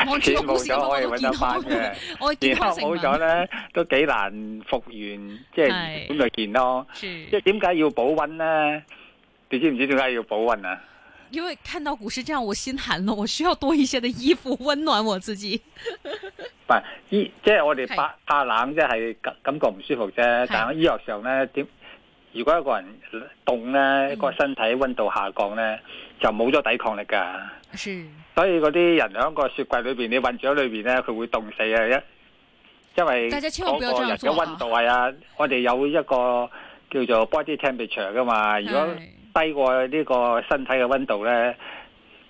安全冇咗，我係搵得返嘅。我健康冇咗咧，都幾難復原，就是、是即係咁咪健咯。即係點解要保溫咧？你知唔知點解要保溫啊？因為看到股市這樣，我心寒咯。我需要多一些嘅衣服溫暖我自己。係 醫，即係我哋怕怕冷，即係感感覺唔舒服啫。是但係醫學上咧，點？如果一個人凍咧，個、嗯、身體溫度下降咧，就冇咗抵抗力噶。是所以嗰啲人喺個雪櫃裏邊，你困住喺裏邊咧，佢會凍死啊！一因為嗰個人嘅温度係啊，我哋有一個叫做 body temperature 噶嘛。如果低過呢個身體嘅温度咧，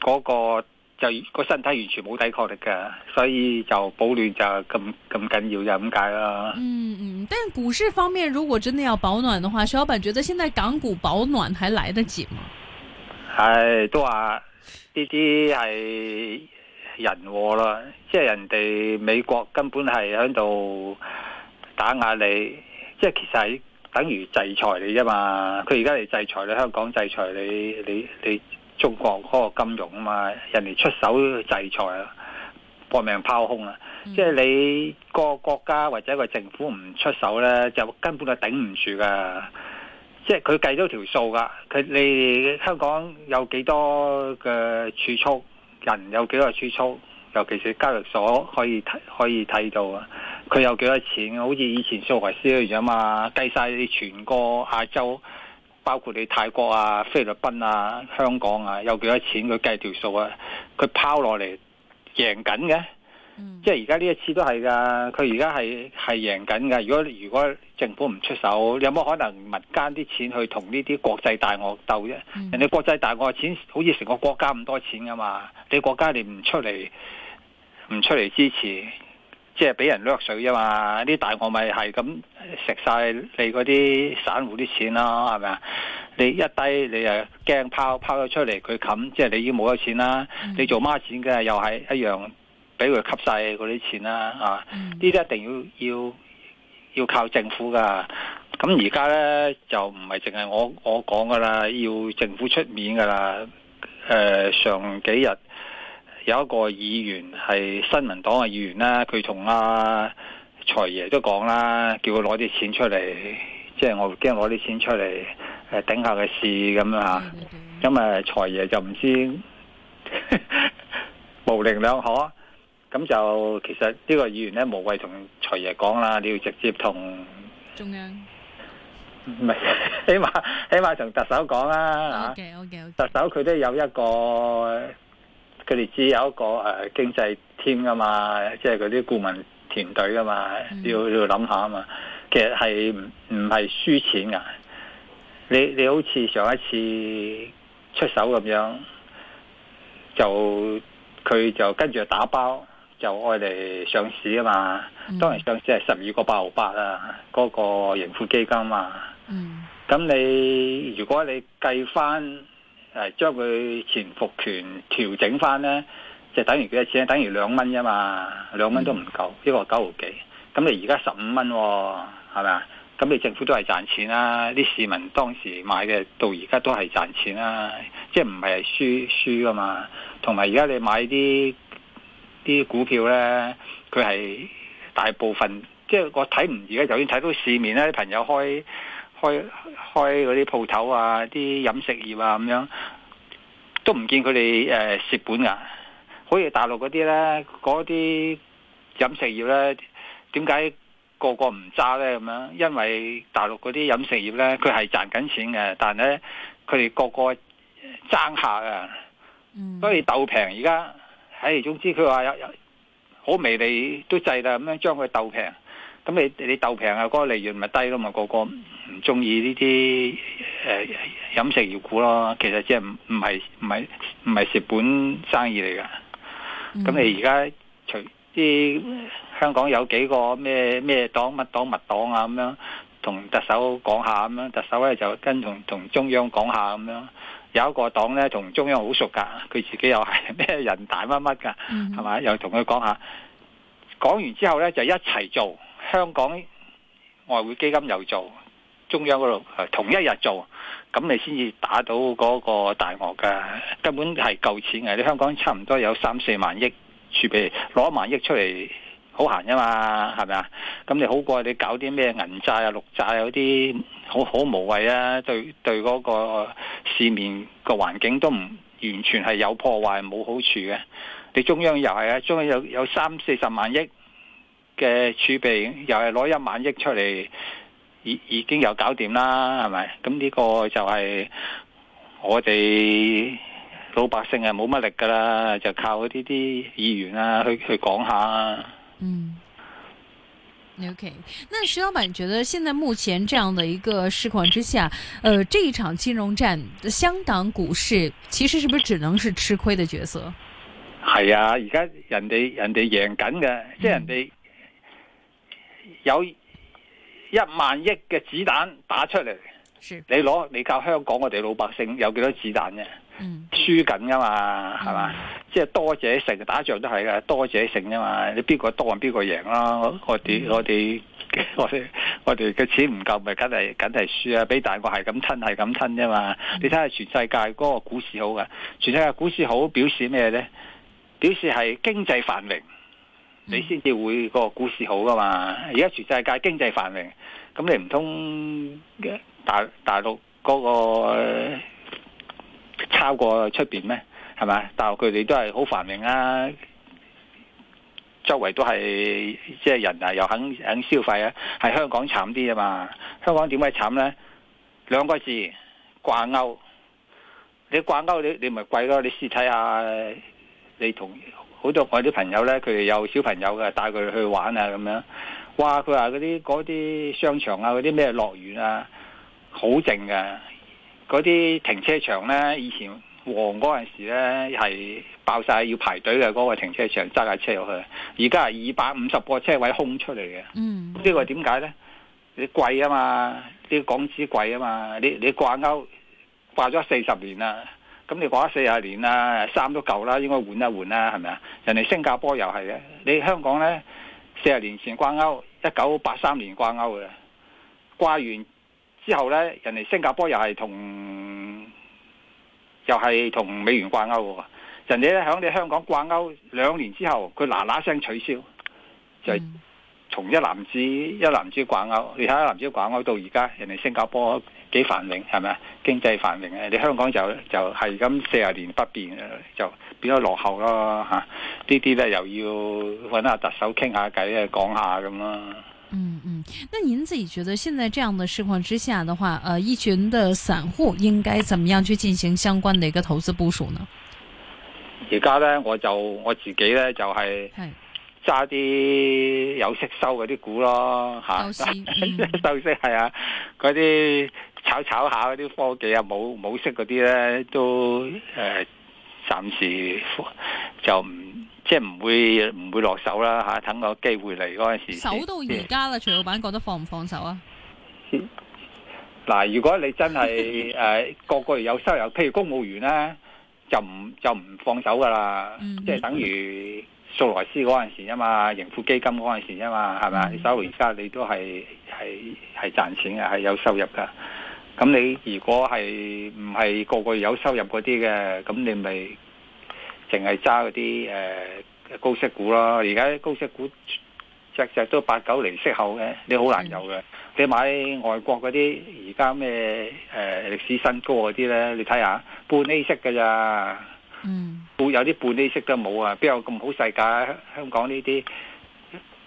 嗰是個就、嗰個身體完全冇抵抗力嘅，所以就保暖就咁咁緊要就咁解啦。嗯嗯，但係股市方面，如果真係要保暖嘅話，徐老闆覺得現在港股保暖還來得及嗎？係，都話。呢啲係人禍啦，即係人哋美國根本係喺度打壓你，即係其實係等於制裁你啫嘛。佢而家嚟制裁你香港，制裁你你你中國嗰個金融啊嘛，人哋出手制裁啦，搏命拋空啦。嗯、即係你個國家或者一個政府唔出手呢，就根本係頂唔住噶。即係佢計咗條數噶，佢你香港有幾多嘅儲蓄，人有幾多嘅儲蓄，尤其是交易所可以睇可以睇到啊。佢有幾多錢？好似以前蘇維斯一樣啊，計晒你全個亞洲，包括你泰國啊、菲律賓啊、香港啊，有幾多錢佢計條數啊？佢拋落嚟贏緊嘅，嗯、即係而家呢一次都係噶。佢而家係係贏緊噶。如果如果。政府唔出手，有冇可能民間啲錢去同呢啲、嗯、國際大鱷鬥啫？人哋國際大鱷錢好似成個國家咁多錢噶嘛，你國家你唔出嚟唔出嚟支持，即係俾人掠水啫嘛？啲大鱷咪係咁食晒你嗰啲散戶啲錢囉，係咪啊？你一低你又驚拋拋咗出嚟，佢冚即係你已經冇咗錢啦。嗯、你做孖錢嘅又係一樣俾佢吸晒嗰啲錢啦啊！呢啲、嗯、一定要要。要靠政府噶，咁而家呢，就唔係淨係我我講噶啦，要政府出面噶啦。誒、呃，上幾日有一個議員係新民黨嘅議員啦，佢同阿財爺都講啦，叫佢攞啲錢出嚟，即係我驚攞啲錢出嚟，誒、呃，頂下嘅事咁樣咁、嗯嗯、因為財爺就唔知 無靈兩可。咁就其實呢個議員咧，無謂同徐爺講啦，你要直接同中央，唔係 起碼起碼同特首講啦。OK OK OK, okay。特首佢都有一個佢哋只有一個誒、啊、經濟 team 啊嘛，即係佢啲顧問團隊啊嘛，mm hmm. 要要諗下啊嘛。其實係唔係輸錢噶？你你好似上一次出手咁樣，就佢就跟住打包。就我哋上市啊嘛，嗯、當年上市係十二個八毫八啊，嗰、那個盈富基金嘛。咁、嗯、你如果你計翻，誒將佢潛伏權調整翻呢，就等於幾多錢？等於兩蚊啫嘛，兩蚊都唔夠，一個九毫幾。咁你而家十五蚊，係咪啊？咁你政府都係賺錢啦、啊，啲市民當時買嘅到而家都係賺錢啦、啊，即係唔係輸輸噶嘛。同埋而家你買啲。啲股票呢，佢係大部分，即係我睇唔而家，就算睇到市面呢，啲朋友開開開嗰啲鋪頭啊，啲飲食業啊咁樣，都唔見佢哋誒蝕本㗎。好似大陸嗰啲呢，嗰啲飲食業呢，點解個個唔揸呢？咁樣，因為大陸嗰啲飲食業呢，佢係賺緊錢嘅，但係呢，佢哋個個爭客啊，所以鬥平而家。唉，總之佢話有有好微利都制啦，咁樣將佢鬥平，咁你你鬥平啊，嗰個利潤咪低咯嘛，個個唔中意呢啲誒飲食業股咯，其實即係唔唔係唔係唔係蝕本生意嚟噶。咁、mm hmm. 你而家除啲香港有幾個咩咩黨乜黨物黨啊咁樣，同特首講下咁樣，特首咧就跟同同中央講下咁樣。有一個黨咧同中央好熟噶，佢自己又係咩人大乜乜噶，係咪？mm hmm. 又同佢講下，講完之後咧就一齊做，香港外匯基金又做，中央嗰度同一日做，咁你先至打到嗰個大鱷噶，根本係夠錢嘅。你香港差唔多有三四萬億儲備，攞一萬億出嚟。好閒啊嘛，係咪啊？咁你好過你搞啲咩銀債啊、綠債啊嗰啲，好好無謂啊！對對，嗰個市面個環境都唔完全係有破壞，冇好處嘅。你中央又係啊，中央有有三四十萬億嘅儲備，又係攞一萬億出嚟，已已經有搞掂啦，係咪？咁呢個就係我哋老百姓係，冇乜力噶啦，就靠一啲啲議員啊，去去講下。嗯，OK，那徐老闆覺得現在目前這樣的一個市況之下，呃，這一場金融戰，香港股市其實是不是只能是吃虧的角色？係啊，而家人哋，嗯、人哋贏緊嘅，即係人哋有一萬億嘅子彈打出嚟是，你攞你靠香港我哋老百姓有幾多子彈啫？輸緊噶嘛，係嘛、嗯？即係多者勝，打仗都係噶，多者勝噶嘛。你邊個多，邊個贏咯？我哋我哋我哋我哋嘅錢唔夠，咪梗係梗係輸啊！俾大國係咁吞，係咁吞啫嘛。你睇下全世界嗰個股市好噶、嗯，全世界股市好表示咩咧？表示係經濟繁榮，嗯、你先至會個股市好噶嘛。而家全世界經濟繁榮，咁你唔通大大陸嗰，那個？超過出邊咩？係咪？但佢哋都係好繁榮啊，周圍都係即係人啊，又肯肯消費啊，係香港慘啲啊嘛。香港點解慘呢？兩個字掛勾。你掛勾你你咪貴咯。你試睇下，你同好多我啲朋友呢，佢哋有小朋友嘅，帶佢去玩啊咁樣。哇！佢話嗰啲嗰啲商場啊，嗰啲咩樂園啊，好靜嘅。嗰啲停車場呢，以前旺嗰陣時咧係爆晒要排隊嘅嗰個停車場，揸架車入去。而家係二百五十個車位空出嚟嘅。嗯，呢個點解呢？你貴啊嘛，啲港紙貴啊嘛，你貴嘛你，你掛鈎掛咗四十年啦，咁你掛咗四十年啦，衫都舊啦，應該換一換啦，係咪啊？人哋新加坡又係嘅，你香港呢？四十年前掛鈎，一九八三年掛鈎嘅，掛完。之後咧，人哋新加坡又係同又係同美元掛鈎喎，人哋咧響你香港掛鈎兩年之後，佢嗱嗱聲取消，就係、從一籃子一籃子掛鈎，你睇一籃子掛鈎到而家，人哋新加坡幾繁榮係咪啊？經濟繁榮啊！你香港就就係咁四十年不變，就變咗落後咯吓。啊、呢啲，咧又要搵下特首傾下偈啊，講下咁咯。嗯嗯，那您自己覺得現在這樣的市況之下的話，呃，一群的散戶應該怎麼樣去進行相關的一個投資部署呢？而家呢，我就我自己呢，就係揸啲有息收嗰啲股咯吓，收息，收息係啊，嗰啲炒炒下嗰啲科技啊、冇冇息嗰啲呢，都誒、呃、暫時就唔。即係唔會唔會落手啦吓，等個機會嚟嗰陣時。守到而家啦，徐老闆覺得放唔放手啊？嗱，如果你真係誒個個月有收入，譬如公務員咧，就唔就唔放手噶啦。即係等於索羅斯嗰陣時啊嘛盈富基金嗰陣時啊嘛，係咪？守到而家你都係係係賺錢嘅，係有收入噶。咁你如果係唔係個個月有收入嗰啲嘅，咁你咪。淨係揸嗰啲誒高息股啦，而家高息股隻隻都八九釐息口嘅，你好難有嘅。的你買外國嗰啲而家咩誒歷史新高嗰啲咧，你睇下半釐息嘅咋？嗯，有啲半釐息都冇啊，邊有咁好世界？香港呢啲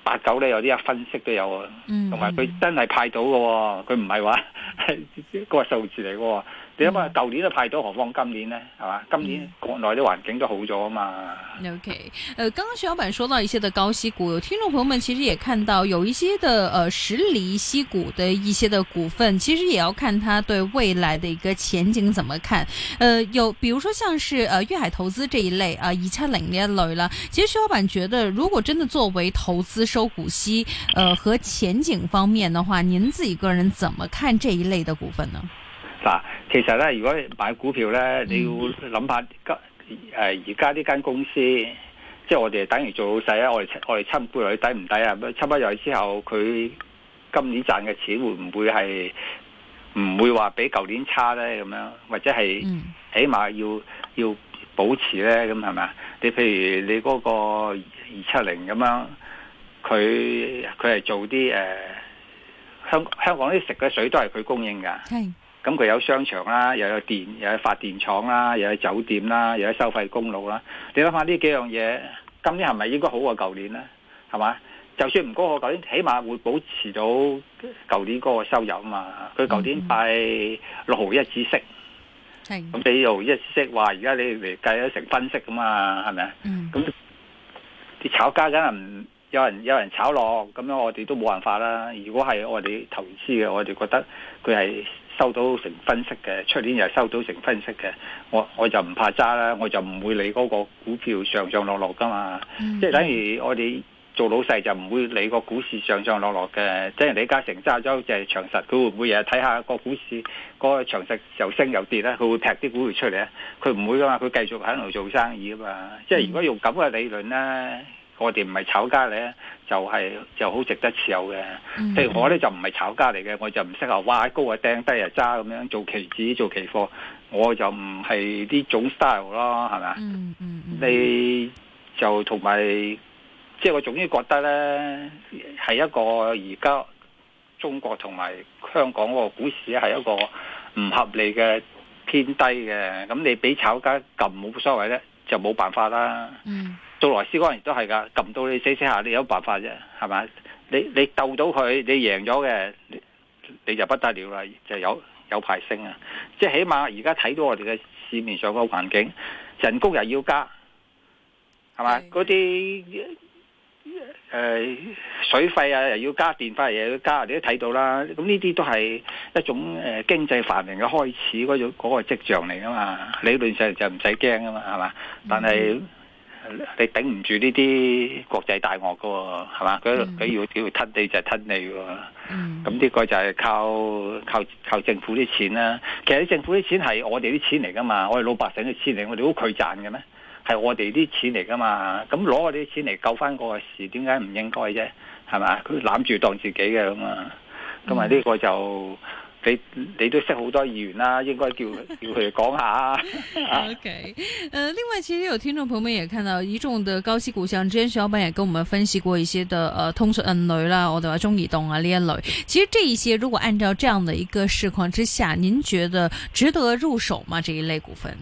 八九咧有啲一分息都有啊，同埋佢真係派到嘅、哦，佢唔係話係個數字嚟嘅喎。你諗下，舊年都派咗，何況今年呢？係 嘛樂？今年國內啲環境都好咗啊嘛。O K，誒，剛剛徐老板說到一些的高息股，有聽眾朋友們其實也看到有一些的誒、呃、十厘息股的一些的股份，其實也要看他對未來的一個前景怎麼看。誒、呃，有，比如說像是誒粵、呃、海投資這一類啊，二七零呢一類啦。其實徐老板覺得，如果真的作為投資收股息，誒、呃、和前景方面的話，您自己個人怎麼看這一類的股份呢？嗱，其實咧，如果買股票咧，嗯、你要諗下，今誒而家呢間公司，即係我哋等於做老細啊，我哋我哋親股女抵唔抵啊？咪親翻入去之後，佢今年賺嘅錢會唔會係唔會話比舊年差咧？咁樣或者係起碼要要保持咧，咁係咪啊？你譬如你嗰個二七零咁樣，佢佢係做啲誒香香港啲食嘅水都係佢供應㗎。咁佢有商場啦，又有電，又有發電廠啦，又有酒店啦，又有收費公路啦。你諗下呢幾樣嘢，今年係咪應該好過舊年呢？係嘛？就算唔高過舊年，起碼會保持到舊年嗰個收入啊嘛。佢舊年係六毫一止息，咁你又一息話，而家你嚟計咗成分息噶嘛？係咪啊？咁啲、嗯、炒家梗係唔有人有人炒落，咁樣我哋都冇辦法啦。如果係我哋投資嘅，我哋覺得佢係，收到成分析嘅，出年又收到成分析嘅，我我就唔怕揸啦，我就唔會理嗰個股票上上落落噶嘛。嗯、即係等於我哋做老細就唔會理個股市上上落落嘅，即係李嘉誠揸咗就係長實，佢會唔會日日睇下個股市嗰、嗰個長實又升又跌咧？佢會劈啲股票出嚟啊？佢唔會噶嘛，佢繼續喺度做生意噶嘛，即係如果用咁嘅理論咧。嗯嗯我哋唔係炒家咧，就係、是、就好值得持有嘅。譬如、mm hmm. 我咧就唔係炒家嚟嘅，我就唔適合哇高啊掟低啊揸咁樣做期指做期貨，我就唔係啲總 style 咯，係咪？嗯嗯、mm，hmm. 你就同埋，即係我總之覺得咧，係一個而家中國同埋香港個股市係一個唔合理嘅偏低嘅，咁你俾炒家撳冇所謂咧。就冇 辦法啦。道羅斯嗰陣都係噶，撳到你死死下，你有辦法啫，係咪？你你鬥到佢，你贏咗嘅，你就不得了啦，就有有排升啊！即係起碼而家睇到我哋嘅市面上個環境，人工又要加，係咪？嗰啲。 誒、呃，水費啊，又要加電費，又要加，你都睇到啦。咁呢啲都係一種誒、呃、經濟繁榮嘅開始嗰種嗰個跡、那個、象嚟噶嘛理論上就唔使驚噶嘛，係嘛？但係、嗯、你頂唔住呢啲國際大鱷噶、哦，係嘛？佢佢、嗯、要要吞你就吞你噶。咁呢、嗯、個就係靠靠靠政府啲錢啦、啊。其實政府啲錢係我哋啲錢嚟噶嘛？我哋老百姓嘅錢嚟，我哋好佢賺嘅咩？係我哋啲錢嚟噶嘛？咁、嗯、攞我啲錢嚟救翻個事，點解唔應該啫？係咪？佢攬住當自己嘅咁啊！咁啊，呢個就你你都識好多議員啦、啊，應該叫叫佢哋講下啊。 OK，誒、呃，另外，其實有聽眾朋友們也看到，一眾的高息股像，像之前徐老闆也跟我們分析過一些的，誒、呃，通訊類啦，我哋話中移動啊呢一類，其實這一些如果按照這樣的一個市況之下，您覺得值得入手嗎？這一類股份？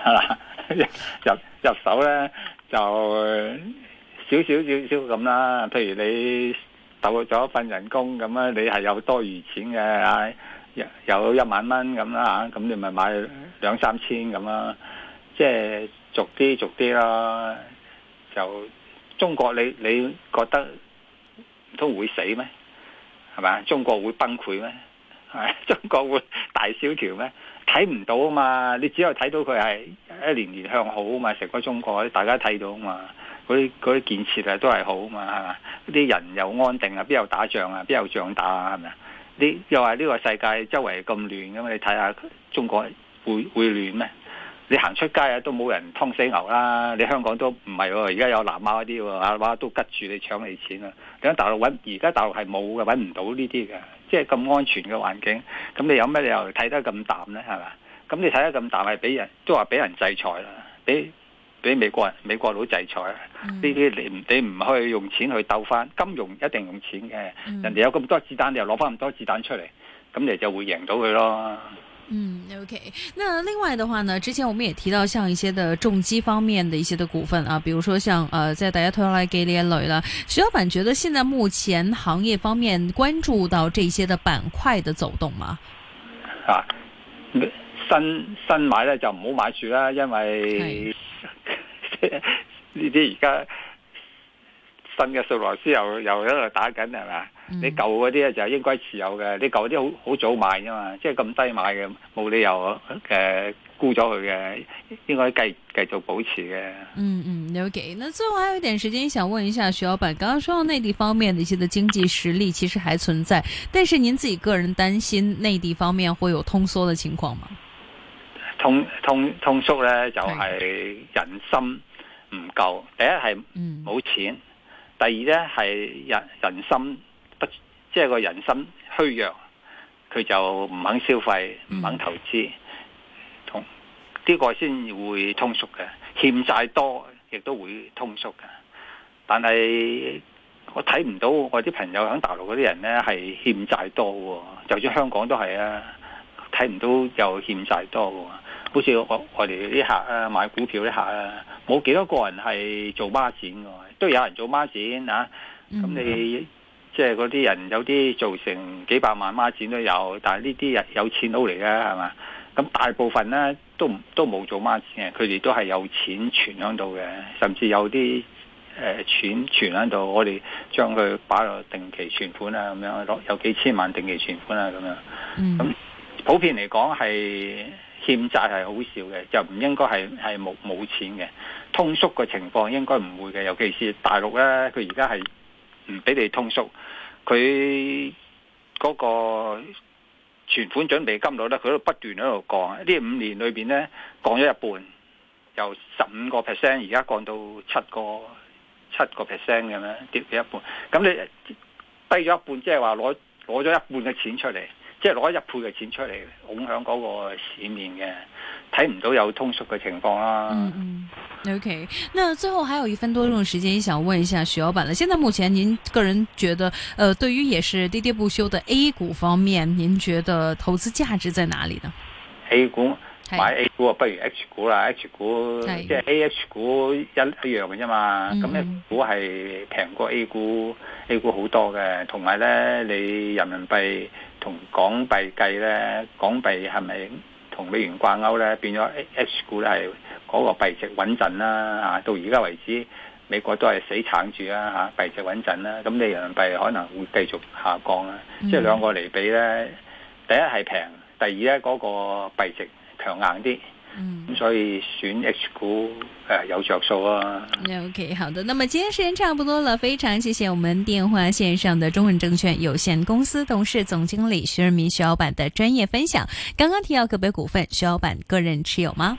入入手咧就少少少少咁啦，譬如你斗咗份人工咁啊，你係有多餘錢嘅，有有一萬蚊咁啦啊，咁你咪買兩三千咁，啊就是，啦，即係逐啲逐啲咯。就中國你你覺得都會死咩？係咪？中國會崩潰咩？係中國會大蕭條咩？睇唔到啊嘛，你只有睇到佢係。一年年向好啊嘛，成個中國大家睇到啊嘛，嗰啲啲建設啊都係好啊嘛，啲人又安定啊，邊有打仗啊，邊有仗打啊，係咪啊？你又話呢個世界周圍咁亂咁，你睇下中國會會亂咩？你行出街啊都冇人劏死牛啦，你香港都唔係喎，而家有南亞啲喎，哇都拮住你搶你錢啊！點解大陸揾而家大陸係冇嘅，揾唔到呢啲嘅，即係咁安全嘅環境，咁你有咩理由睇得咁淡咧？係咪？咁你睇下咁大，係俾人都話俾人制裁啦，俾俾美國人美國佬制裁啊！呢啲你你唔去用錢去鬥翻，金融一定用錢嘅，人哋有咁多子彈，你又攞翻咁多子彈出嚟，咁你就會贏到佢咯。嗯，OK。那另外嘅話呢？之前我們也提到，像一些的重機方面的一些的股份啊，譬如說像即係大家同樣嚟講呢一類啦，徐老闆覺得現在目前行業方面關注到這些的板塊的走動嗎？啊，新新買咧就唔好買住啦，因為呢啲而家新嘅索羅斯又又喺度打緊，係咪啊？嗯、你舊嗰啲咧就應該持有嘅。你舊嗰啲好好早買啊嘛，即係咁低買嘅冇理由誒、呃、沽咗佢嘅，應該繼續繼續保持嘅、嗯。嗯嗯，OK。那最後還有一點時間，想問一下徐老闆，剛剛講到內地方面的一些的經濟實力其實還存在，但是您自己個人擔心內地方面會有通縮嘅情況嗎？通通通縮咧就係人心唔夠，第一係冇錢，第二咧係人，人心不即係個人心虛弱，佢就唔肯消費，唔肯投資，通呢、這個先會通縮嘅，欠債多亦都會通縮嘅。但係我睇唔到我啲朋友響大陸嗰啲人咧係欠債多，就算香港都係啊，睇唔到又欠債多嘅。好似我我哋啲客啊，買股票啲客啊，冇幾多個人係做孖展嘅，都有人做孖展啊。咁你即係嗰啲人有啲做成幾百萬孖展都有，但係呢啲人有錢佬嚟嘅係嘛？咁大部分咧都都冇做孖展嘅，佢哋都係有錢存響度嘅，甚至有啲誒錢存響度，我哋將佢擺落定期存款啊咁樣，有幾千萬定期存款啊咁樣。咁普遍嚟講係。欠債係好少嘅，就唔應該係係冇冇錢嘅。通縮嘅情況應該唔會嘅，尤其是大陸咧，佢而家係唔俾你通縮，佢嗰個存款準備金率咧，佢都不斷喺度降，呢五年裏邊咧降咗一半，由十五個 percent 而家降到七個七個 percent 咁樣跌咗一半，咁你低咗一半，即係話攞攞咗一半嘅錢出嚟。即係攞一倍嘅錢出嚟，影響嗰個市面嘅，睇唔到有通縮嘅情況啦。嗯，嗯 O.K. 那最後還有一分多鐘嘅時間，想問一下、嗯、徐老闆啦。現在目前，您個人覺得，呃，對於也是跌跌不休嘅 A 股方面，您覺得投資價值在哪裡呢？A 股買 A 股啊，不如 H 股啦。是 H 股即係是 A.H 股一一,一樣嘅啫嘛。咁咧、嗯、股係平過 A 股，A 股好多嘅。同埋呢你人民幣。同港幣計呢，港幣係咪同美元掛鈎呢？變咗 H 股咧係嗰個幣值穩陣啦，嚇、啊、到而家為止，美國都係死撐住啦，嚇、啊、幣值穩陣啦，咁你人民幣可能會繼續下降啦，嗯、即係兩個嚟比呢，第一係平，第二呢，嗰、嗰個幣值強硬啲。嗯，所以選 H 股誒、呃、有着數啊。O、okay, K，好的，那麼今天時間差不多了，非常謝謝我們電話線上的中文證券有限公司董事總經理徐潤民徐老闆的專業分享。剛剛提到個別股份，徐老闆個人持有嗎？